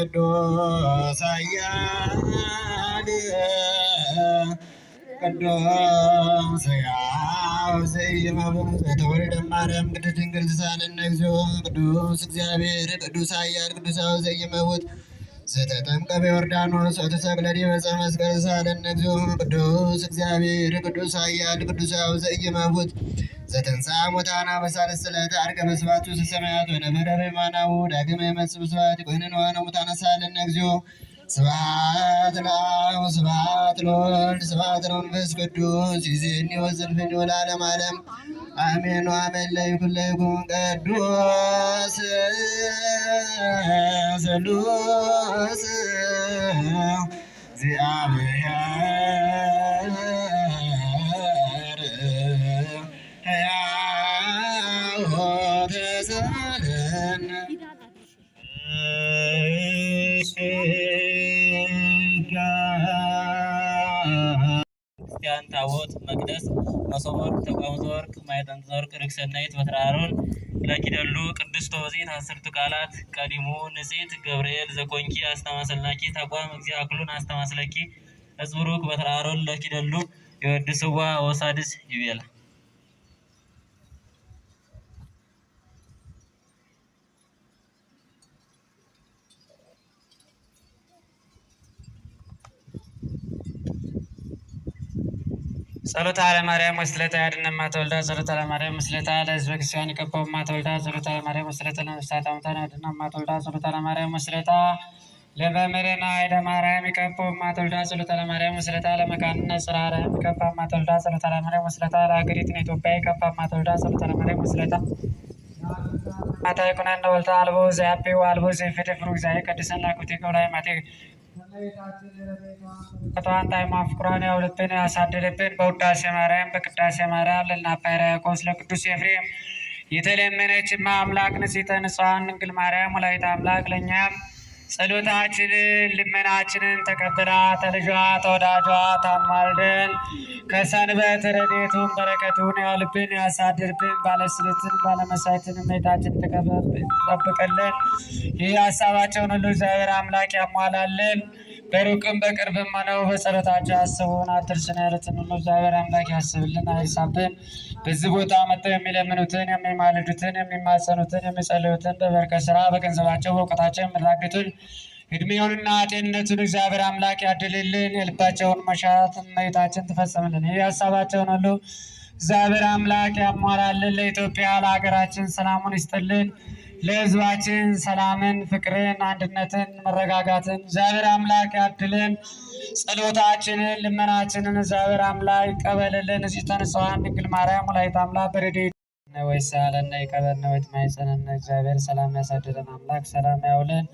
ቅዱስ አያሌ ቅዱስ ያው ዘኢይመውእ እምአርያም ቅድስት ድንግል ቅዱስ እግዚአብሔር ቅዱስ ኃያል ቅዱስ ዘኢይመውት ዘተጠምቀ በዮርዳኖስ ወተሰቅለ ዲበፀ መስቀል ሳለን እግዚኦ ቅዱስ እግዚአብሔር ቅዱስ ኃያል ቅዱስ ያው ዘኢይመውት ዘተንሥአ ሙታን በሳልስት ዕለት ዐርገ በስብሐቱ ሰማያት ወነበረ በየማናሁ ዳግመ ይመጽእ ብስራት ይቆነነ ሙታነ ሳለን እግዚኦ ስብሐት ለአብ ስብሐት ለወልድ ስብሐት ለመንፈስ ቅዱስ ይእዜኒ ወዘልፈኒ ወለዓለመ ዓለም አሜን። ወአሜን ለይኩን ለይኩን ቅዱስ ስሉስ እግዚአብሔር ሕያው ተሳለን ሲቀደስ መሶበ ወርቅ፣ ተቋሙዘ ወርቅ፣ ማዕጠንተ ወርቅ፣ ርግሰናይት፣ በትራሮን ለኪደሉ ቅድስት ወዜት አስርቱ ቃላት ቀዲሙ ንጽሕት ገብርኤል ዘኮንኪ አስተማሰልናኪ ተቋም እግዚአ አክሉን አስተማስለኪ እጽብሩክ በትራሮን ለኪደሉ ይወድስዋ ወሳድስ ይቤላ ጸሎታ ለማርያም ወስለታ ያድነ ማተወልዳ ጸሎታ ለማርያም ወስለታ ለህዝበ ክርስቲያን የቀባው ማተወልዳ ጸሎታ ለማርያም ወስለታ ለነፍሳት አሙታን ያድነ ማተወልዳ ጸሎታ ለማርያም ወስለታ ለመምህርና ኃይለ ማርያም የቀባው ማተወልዳ ጸሎታ ለማርያም ወስለታ ለመካንነ ጽራርያም የቀባ ማተወልዳ ጸሎታ ለማርያም ወስለታ ለሀገሪቱን ኢትዮጵያ የቀባ ማተወልዳ ጸሎታ ለማርያም ወስለታ ማታ ይኩነን ወልታ አልቦ ዘያፔ አልቦ ዘፍድፍሩ እግዚአብሔር ቅድስና ኩቴ ገብላይ ማቴ ከጠዋት ጣዕመ አፍቁራን ያውልብን ያሳድርብን። በውዳሴ ማርያም በቅዳሴ ማርያም ለእነ አባ ሕርያቆስ ለቅዱስ ኤፍሬም የተለመነች እማ አምላክ ንጽሕተ ንጹሐን ድንግል ማርያም ወላዲተ አምላክ ለእኛም ጸሎታችንን ልመናችንን ተቀብላ ተልጇ ተወዳጇ ታማልደን ከሰንበት ረዴቱን በረከቱን ያልብን ያሳድርብን ባለስልትን ባለመሳይትን እመቤታችን ተጠብቅልን። ይህ ሀሳባቸውን ሁሉ እግዚአብሔር አምላክ ያሟላልን። በሩቅም በቅርብም ነው በጸሎታቸው ያስቡን አትርሱን ያሉትን ሁሉ እግዚአብሔር አምላክ ያስብልን አይርሳብን። በዚህ ቦታ መጥተው የሚለምኑትን የሚማልዱትን፣ የሚማጸኑትን፣ የሚጸልዩትን በበርከት ስራ በገንዘባቸው በእውቀታቸው የሚራግቱን እድሜውንና ጤንነቱን እግዚአብሔር አምላክ ያድልልን። የልባቸውን መሻት መይታችን ትፈጽምልን። ይህ ሀሳባቸውን ሁሉ እግዚአብሔር አምላክ ያሟላልን። ለኢትዮጵያ ለሀገራችን ሰላሙን ይስጥልን። ለህዝባችን ሰላምን፣ ፍቅርን፣ አንድነትን፣ መረጋጋትን እግዚአብሔር አምላክ ያድልን። ጸሎታችንን፣ ልመናችንን እግዚአብሔር አምላክ ይቀበልልን። እዚህ ተንጽዋን ድንግል ማርያም ወላዲተ አምላክ በረድኤት ወይ ሳለነ ይቀበልነ ወይ ትማይጸነነ እግዚአብሔር ሰላም ያሳድረን አምላክ ሰላም ያውለን።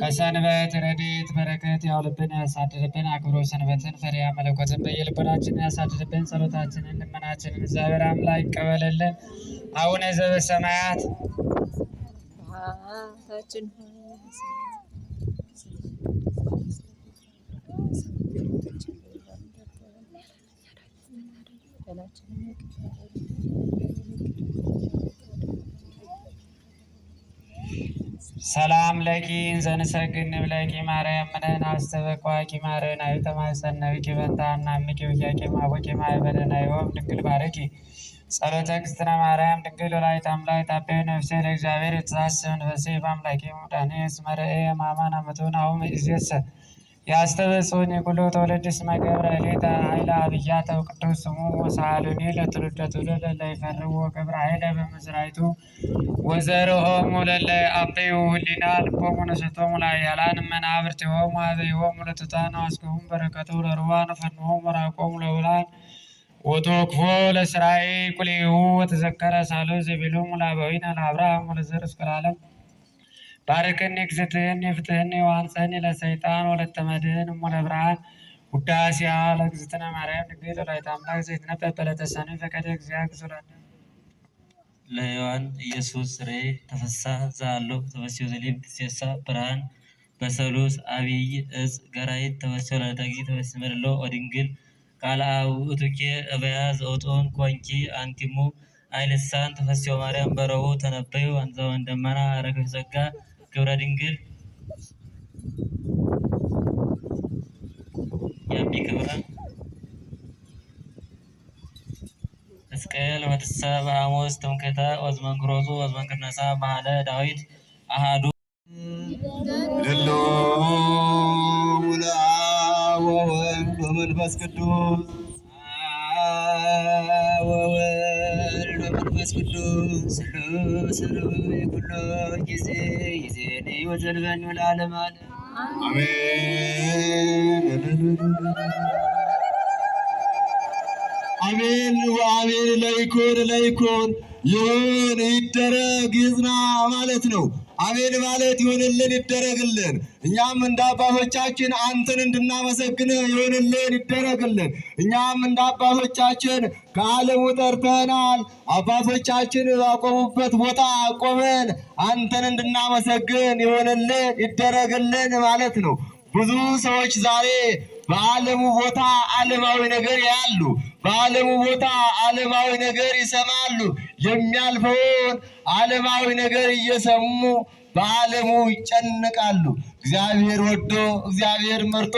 ከሰንበት ረድኤት በረከት ያውልብን ያሳድርብን። አክብሮ ሰንበትን ፈሪሃ መለኮትን በየልቦናችን ያሳድርብን። ጸሎታችንን፣ ልመናችንን እግዚአብሔር አምላክ ይቀበልልን። አቡነ ዘበሰማያት ጌታችን ሰላም ለኪ እንዘንሰግን ብለኪ ማርያም ምነን አስተበቋኪ ማረን አይተማሰነብኪ በንታና ምኪ ብያቄ ማቦቄ ማይበለናይወም ድንግል ባረኪ ጸሎተ እግዝእትነ ማርያም ድንግል ወላዲተ አምላክ ታቤ ነፍሴ ለእግዚአብሔር የተሳስብ መንፈሴ በአምላኬ ሙዳኔ ስመረኤ ማማን አመቱን አሁም ይዜሰ ያስተበጽሁን የኩሎ ተወለድ እስመ ገብረ ሌተ ኃይለ ተው ቅዱስ ስሙ ወሳሉኒ ለትውልደ ትውልድ ለይፈርዎ ገብረ ኃይለ በመዝራይቱ ሆሙ ለለ አበዩ ህሊና ልቦሙ ነሰቶሙ ሆሙ መናብርቲሆሙ ሆሙ ለትታን አስገቡም በረከቱ ለሩዋን ፈንሆሙ ራቆሙ ለውላን ወትወክፎ ለስራይ ቁሌው ወተዘከረ ሳሎ ዘቢሉ ሙላባዊን ለአብርሃም ወለዘር እስከላለም ባርከን እግዝእትህን የፍትህን የዋንፀን ለሰይጣን ወለተመድህን ሙለብርሃን ውዳሴያ ለእግዝእትነ ማርያም ድንግል ወላዲተ አምላክ ዘይትነ በለተሰኒ ፈቀደ እግዚአብሔር ግዙላን ለሔዋን ኢየሱስ ርኤ ተፈሳ ዛሎ ተፈስዮ ዘሊብ ሴሳ ብርሃን በሰሉስ አብይ እጽ ገራይት ተፈስዮ ለዳጊ ተፈስመልሎ ወድንግል እቱኬ እበያ ዘውጦን ኮንኪ አንቲሙ አይልሳን ተፈስዮ ማርያም በረቡ ተነበዩ አንዘወን ደመና አረከሽ ዘጋ ግብረ ድንግል ያቢ ክብረ እስቀል መትሰ በሐሙስ ትምክህተ ወዝመንክሮቱ ወዝመንክነሳ ባህለ ዳዊት አሃዱ መንፈስ ቅዱስ ወወልድ መንፈስ ቅዱስ ስሉ ኩሎ ጊዜ ጊዜን ወዘልበኑ ለዓለም አለ አሜን አሜን። ለይኩን ለይኩን ይሁን ይደረግ ይዝና ማለት ነው። አሜን ማለት ይሆንልን ይደረግልን። እኛም እንደ አባቶቻችን አንተን እንድናመሰግን ይሆንልን ይደረግልን። እኛም እንደ አባቶቻችን ከዓለሙ ጠርተናል። አባቶቻችን ባቆሙበት ቦታ ቆመን አንተን እንድናመሰግን ይሆንልን ይደረግልን ማለት ነው። ብዙ ሰዎች ዛሬ በዓለሙ ቦታ ዓለማዊ ነገር ያሉ በዓለሙ ቦታ ዓለማዊ ነገር ይሰማሉ። የሚያልፈውን ዓለማዊ ነገር እየሰሙ በዓለሙ ይጨነቃሉ። እግዚአብሔር ወዶ እግዚአብሔር መርጦ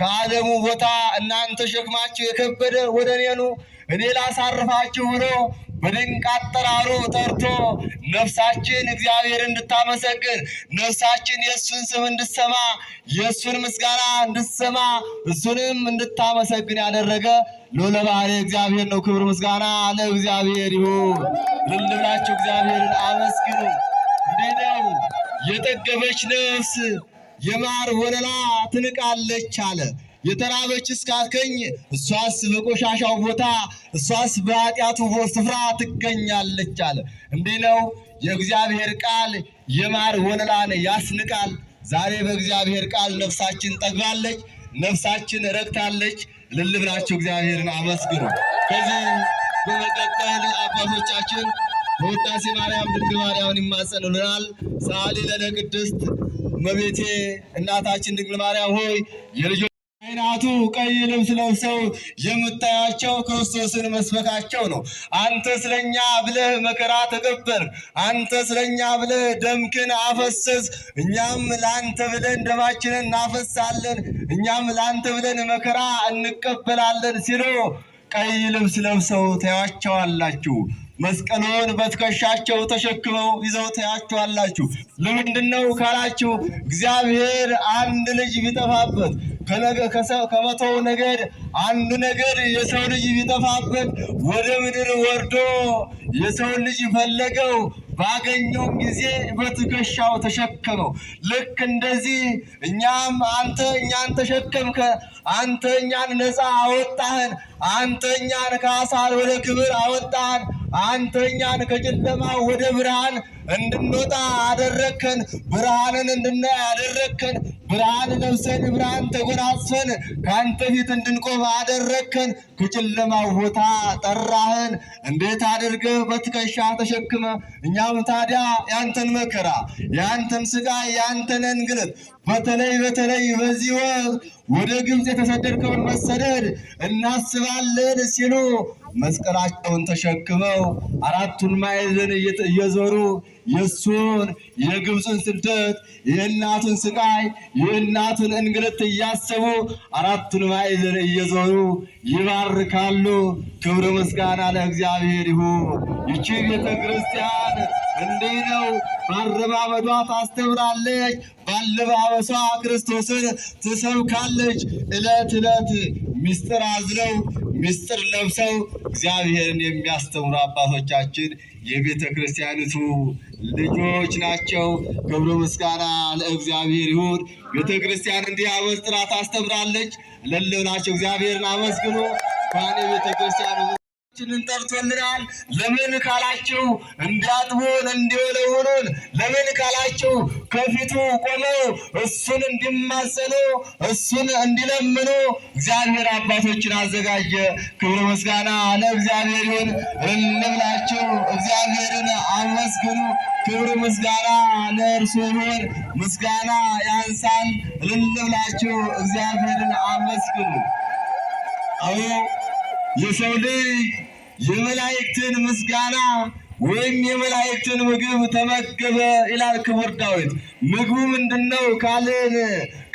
ከዓለሙ ቦታ እናንተ ሸክማችሁ የከበደ ወደ እኔ ኑ እኔ ላሳርፋችሁ ብሎ በድንቅ አጠራሩ ጠርቶ ነፍሳችን እግዚአብሔር እንድታመሰግን ነፍሳችን የእሱን ስም እንድሰማ የእሱን ምስጋና እንድሰማ እሱንም እንድታመሰግን ያደረገ ሎለ እግዚአብሔር ነው። ክብር ምስጋና ለእግዚአብሔር ይሁን። ልልብላችሁ እግዚአብሔርን አመስግኑ። እንዴው የጠገበች ነፍስ የማር ወለላ ትንቃለች አለ። የተራበች እስካትገኝ እሷስ በቆሻሻው ቦታ እሷስ በኃጢአቱ ስፍራ ትገኛለች አለ። እንዲህ ነው የእግዚአብሔር ቃል የማር ወለላን ያስንቃል። ዛሬ በእግዚአብሔር ቃል ነፍሳችን ጠግባለች፣ ነፍሳችን ረግታለች እልል ብላችሁ እግዚአብሔርን አመስግኑ። ከዚህ በመቀጠል አባቶቻችን በውዳሴ ማርያም ድንግል ማርያምን ይማጸኑልናል። ሰአሊ ለነ ቅድስት እመቤቴ እናታችን ድንግል ማርያም ሆይ ካህናቱ ቀይ ልብስ ለብሰው የምታያቸው ክርስቶስን መስበካቸው ነው። አንተ ስለኛ ብለህ መከራ ተቀበል አንተ ስለኛ ብለህ ደምክን አፈሰስ። እኛም ለአንተ ብለን ደማችንን እናፈሳለን። እኛም ለአንተ ብለን መከራ እንቀበላለን ሲሉ ቀይ ልብስ ለብሰው ታያቸዋላችሁ። መስቀሉን በትከሻቸው ተሸክመው ይዘው ታያችኋላችሁ። ለምንድን ነው ካላችሁ፣ እግዚአብሔር አንድ ልጅ ቢጠፋበት ከመቶው ነገር አንዱ ነገር የሰው ልጅ ቢጠፋበት ወደ ምድር ወርዶ የሰው ልጅ ፈለገው፣ ባገኘውም ጊዜ በትከሻው ተሸከመው። ልክ እንደዚህ እኛም አንተ እኛን ተሸከምከ፣ አንተ እኛን ነፃ አወጣህን፣ አንተ እኛን ከአሳር ወደ ክብር አወጣህን፣ አንተ እኛን ከጨለማ ወደ ብርሃን እንድንወጣ አደረከን። ብርሃንን እንድናይ አደረግከን። ብርሃን ለብሰን ብርሃን ተጎናጽፈን ከአንተ ፊት እንድንቆም አደረከን። ከጨለማ ቦታ ጠራህን። እንዴት አድርገህ በትከሻ ተሸክመ እኛም ታዲያ ያንተን መከራ፣ ያንተን ስቃይ፣ ያንተን እንግልት በተለይ በተለይ በዚህ ወቅት ወደ ግብፅ የተሰደድከውን መሰደድ እናስባለን ሲሉ መስቀላቸውን ተሸክመው አራቱን ማዕዘን እየዞሩ የእሱን የግብፅን ስደት የእናቱን ስቃይ የእናቱን እንግልት እያሰቡ አራቱን ማዕዘን እየዞሩ ይባርካሉ። ክብር ምስጋና ለእግዚአብሔር ይሁን። ይቺ ቤተ ክርስቲያን እንዲህ ነው ባረማመዷ ታስተምራለች፣ ባለባበሷ ክርስቶስን ትሰብካለች። ዕለት ዕለት ምስጢር አዝለው ምስጢር ለብሰው እግዚአብሔርን የሚያስተምሩ አባቶቻችን የቤተ ክርስቲያኒቱ ልጆች ናቸው። ክብሩ ምስጋና ለእግዚአብሔር ይሁን። ቤተ ክርስቲያን እንዲህ አበዝ ጥራት አስተምራለች። ናቸው። እግዚአብሔርን አመስግኑ። ባኔ ቤተ ክርስቲያን ችንን ጠርቶልናል። ለምን ካላችሁ እንዲያጥቡን እንዲወለውሉን፣ ለምን ካላችሁ ከፊቱ ቆመው እሱን እንዲማጸኑ እሱን እንዲለምኑ እግዚአብሔር አባቶችን አዘጋጀ። ክብረ ምስጋና ለእግዚአብሔር ይሁን። እንብላችሁ፣ እግዚአብሔርን አመስግኑ። ክብር ምስጋና ለእርሱ ይሁን። ምስጋና ያንሳል። እንብላችሁ፣ እግዚአብሔርን አመስግኑ። አዎ የሰው ልጅ የመላእክትን ምስጋና ወይም የመላእክትን ምግብ ተመገበ ይላል ክቡር ዳዊት። ምግቡ ምንድን ነው ካልን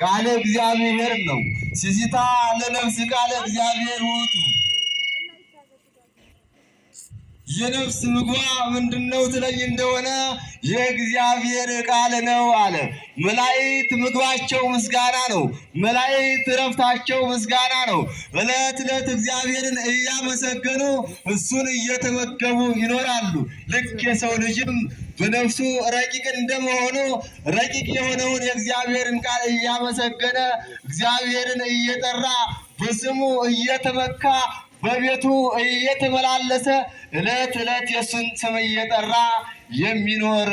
ቃለ እግዚአብሔር ነው። ሲሲታ ለነፍስ ቃለ እግዚአብሔር ውእቱ የነፍስ ምግቧ ምንድነው ትለይ እንደሆነ የእግዚአብሔር ቃል ነው አለ። መላእክት ምግባቸው ምስጋና ነው። መላእክት እረፍታቸው ምስጋና ነው። እለት እለት እግዚአብሔርን እያመሰገኑ እሱን እየተመገቡ ይኖራሉ። ልክ የሰው ልጅም በነፍሱ ረቂቅ እንደመሆኑ ረቂቅ የሆነውን የእግዚአብሔርን ቃል እያመሰገነ እግዚአብሔርን እየጠራ በስሙ እየተመካ በቤቱ እየተመላለሰ ዕለት ዕለት የእሱን ስም እየጠራ የሚኖር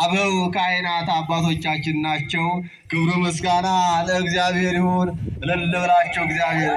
አበው ካህናት አባቶቻችን ናቸው። ክብሩ ምስጋና ለእግዚአብሔር ይሁን። እልል ብላቸው እግዚአብሔር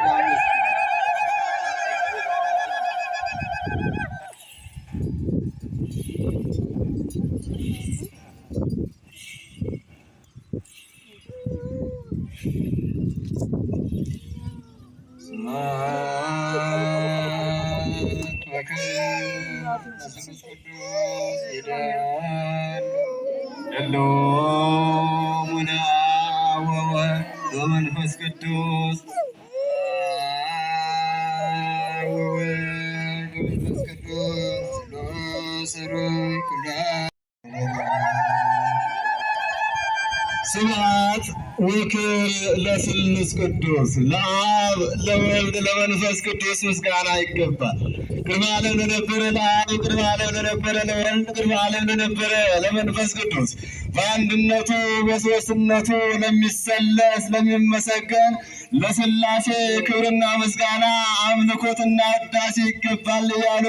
ስብሐት ወክብር ለስሉስ ቅዱስ ለአብ ለወልድ ለመንፈስ ቅዱስ ምስጋና ይገባል። ቅድመ ዓለም ለነበረ ለአብ፣ ቅድመ ዓለም ለነበረ ለወልድ፣ ቅድመ ዓለም ለነበረ ለመንፈስ ቅዱስ በአንድነቱ በሦስትነቱ ለሚሰለስ ለሚመሰገን ለስላሴ ክብርና ምስጋና አምልኮትና ውዳሴ ይገባል እያሉ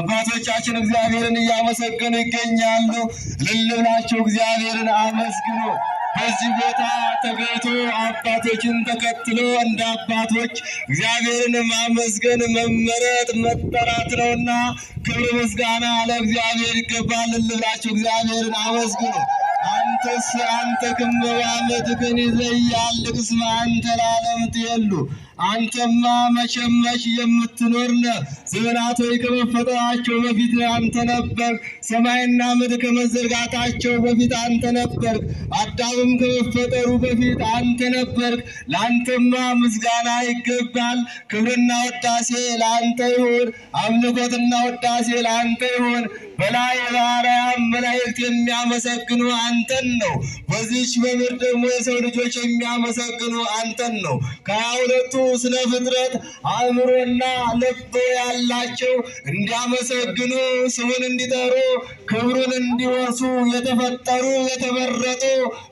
አባቶቻችን እግዚአብሔርን እያመሰገኑ ይገኛሉ። ልልብላቸው እግዚአብሔርን አመስግኑ። በዚህ ቦታ ተገኝቶ አባቶችን ተከትሎ እንደ አባቶች እግዚአብሔርን ማመስገን መመረጥ መጠራት ነውና ክብር ምስጋና ለእግዚአብሔር ይገባል። ልብላችሁ እግዚአብሔርን አመስግኑ። አንተስ አንተ ክንበባ ዓመትክን ይዘያል ቅስመ አንተ ለዓለም ትየሉ አንተማ መቸመች የምትኖር ነህ። ዘመናቶች ከመፈጠራቸው በፊት አንተ ነበር። ሰማይና ምድር ከመዘርጋታቸው በፊት አንተ ነበር። አዳምም ከመፈጠሩ በፊት አንተ ነበር። ለአንተማ ምስጋና ይገባል። ክብርና ወዳሴ ለአንተ ይሁን። አምልኮትና ወዳሴ ለአንተ ይሁን። በላይ ባህርያም መላእክት የሚያመሰግኑ አንተን ነው። በዚች በምድር ደግሞ የሰው ልጆች የሚያመሰግኑ አንተን ነው። ከሀያ ሁለቱ ስነ ፍጥረት አእምሮና ልብ ያላቸው እንዲያመሰግኑ፣ ስሙን እንዲጠሩ፣ ክብሩን እንዲወርሱ የተፈጠሩ የተመረጡ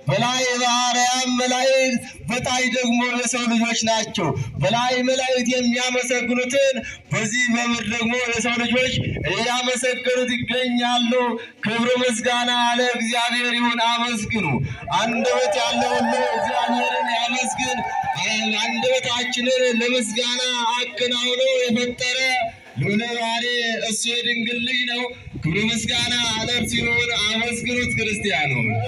በላይ ባህርያን መላእክት በታይ ደግሞ የሰው ልጆች ናቸው። በላይ መላእክት የሚያመሰግኑትን በዚህ በምድር ደግሞ የሰው ልጆች እያመሰገኑት ይገኛሉ። ክብሩ ምስጋና እግዚአብሔር ይሁን። እግዚአብሔርን አመስግኑ። አንደበት ያለ ሁሉ እግዚአብሔርን ያመስግን። አንደበታችንን ለምስጋና አከናውኖ የፈጠረ ልዑለ ባህሪ እሱ የድንግል ልጅ ነው። ክብር ምስጋና ለእርሱ ይሁን። አመስግኑት ክርስቲያኖች።